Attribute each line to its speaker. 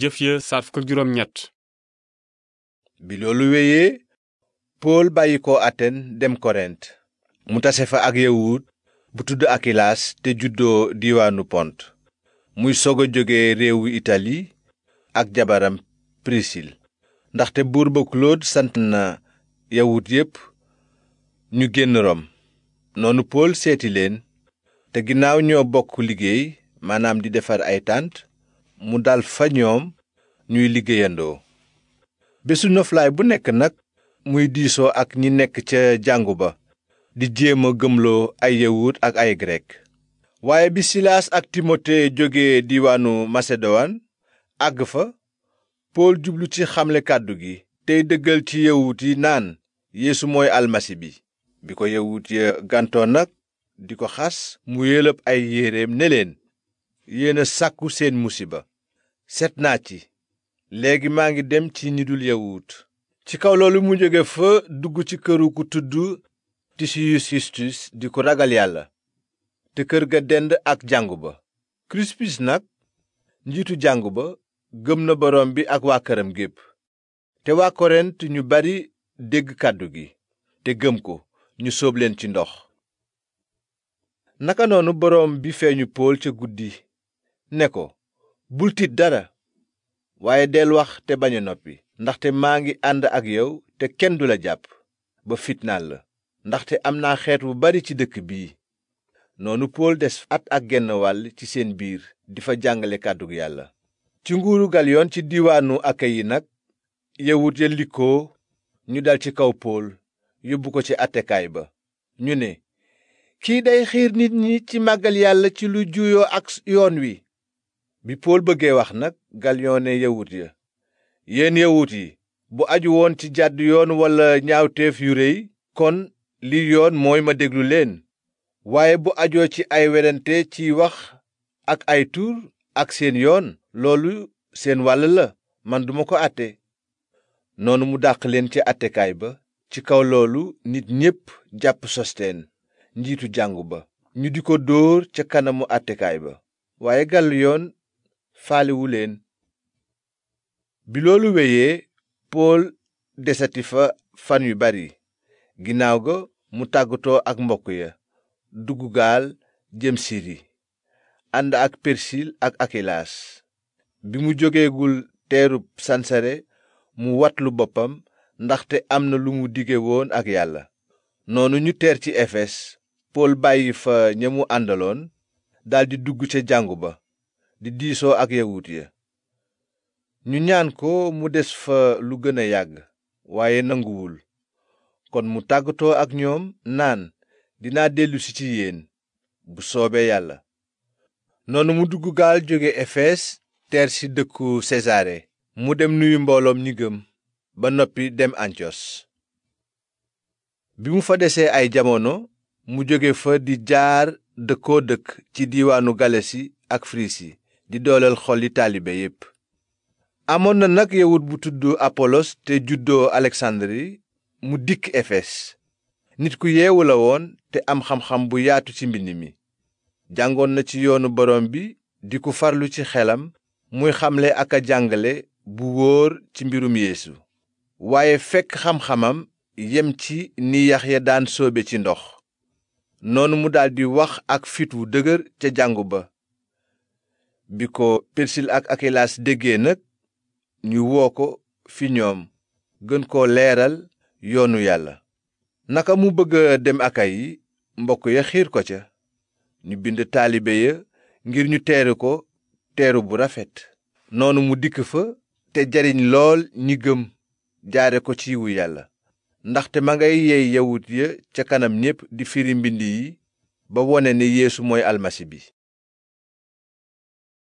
Speaker 1: jëf ya saar fukk ak juróom ñett bi loolu wéyee pool bàyyi ko aten dem korent mu tase fa ak yawut bu tudd akilaas te juddoo diwaanu pont muy sog a jóge réewu itali ak jabaram prisil ndaxte buur ba Claude sant na yawut yépp ñu génn rom noonu pool seeti leen te ginnaaw ñoo bokk liggéey maanaam di defar ay tànt mu dal fa ñoom ñuy liggéeyandoo bésu noflaay bu nekk nag muy diisoo ak ñi nekk ca jàngu ba di jéem a gëmloo ay yawut ak ay grek waaye bi silaas ak timote jóge diiwaanu masedowan àgg fa pool jublu ci xamle kàddu gi tey dëggal ci yawut yi naan yéesu mooy almasi bi bi ko yawut ya gàntoo nag di ko xas mu yëlëb ay yéreem ne leen yéen sàkku seen musiba seet naa ci léegi maa ngi dem ci ñi dul yawut ci kaw loolu mu jóge fa dugg ci këru ku tudd tisiyus yustus di ko ragal yàlla te kër ga dend ak jàngu ba krispus nag njiitu jàngu ba gëm na boroom bi ak waa këram gépp te waa korent ñu bari dégg kàddu gi te gëm ko ñu soob leen ci ndox naka noonu boroom bi feeñu pool ca guddi ne ko bul tiit dara waaye del wax te bañ noppi ndaxte maa ngi ànd ak yow te kenn du la jàpp ba fitnaal la ndaxte am naa xeet wu bari ci dëkk bii noonu pool des at ak genn wàll ci seen biir di fa jàngale kàddug yàlla ci nguuru galyoon ci diiwaanu akayi nag yawut ya likkoo ñu dal ci kaw pool yóbbu ko ci attekaay ba ñu ne kii day xiir nit ñi ci màggal yàlla ci lu juyoo ak yoon wi bi pool bëggee wax nag galyon ne yawut ya yéen yawut yi bu aju woon ci jàdd yoon walla ñaawteef yu réy kon li yoon mooy ma déglu leen waaye bu ajoo ci ay werante ci wax ak ay tuur ak seen yoon loolu seen wàll la man duma ko àtte noonu mu dàq leen ci àttekaay ba ci kaw loolu nit ñépp jàpp sosteen njiitu jàngu ba ñu di ko dóor ca kanamu àttekaay ba waaye gàll faalewu leen bi loolu wéyee pool desati fa fan yu bari ginnaaw ga mu tàggatoo ak mbokk ya dugg gaal jëm siri ànd ak persil ak akilaas bi mu jógeegul teerub sansare mu watlu boppam ndaxte am na lu mu dige woon ak yàlla noonu ñu teer ci efes pool bàyyi fa ñamu mu àndaloon daldi dugg ca jàngu ba di diisoo ak yawut ñu ñaan ko mu des fa lu gën a yàgg waaye nanguwul kon mu tàggatoo ak ñoom naan dinaa dellusi ci yéen bu soobee yàlla noonu mu dugg gaal jóge efees teer si dëkku sesaare mu dem nuyu mbooloom ñi gëm ba noppi dem antiyos bi mu fa desee ay jamono mu jóge fa di jaar dëkkoo dëkk ci diiwaanu galasi ak firisi di dooleel xoli taalibe yépp amoon na nag yawut bu tudd apolos te juddoo aleksandri mu dikk efes nit ku yeewu la woon te am xam-xam bu yaatu ci mbind mi jàngoon na ci yoonu borom bi di ku farlu ci xelam muy xamle ak a jàngale bu wóor ci mbirum yéesu waaye fekk xam-xamam yem ci ni ya daan soobe ci ndox noonu mu daldi wax ak fit wu dëgër ca jàngu ba bi ko pirsil ak akilaas déggee nag ñu woo ko fi ñoom gën koo leeral yoonu yàlla naka mu bëgg a dem akayi mbokk ya xiir ko ca ñu bind taalibe ya ngir ñu teeru ko teeru bu rafet noonu mu dikk fa te jariñ lool ñi gëm jaare ko ci yiwu yàlla ndaxte ma ngay yeey yawut ya ca kanam ñépp di firi mbind yi ba wone ne yéesu mooy almasi bi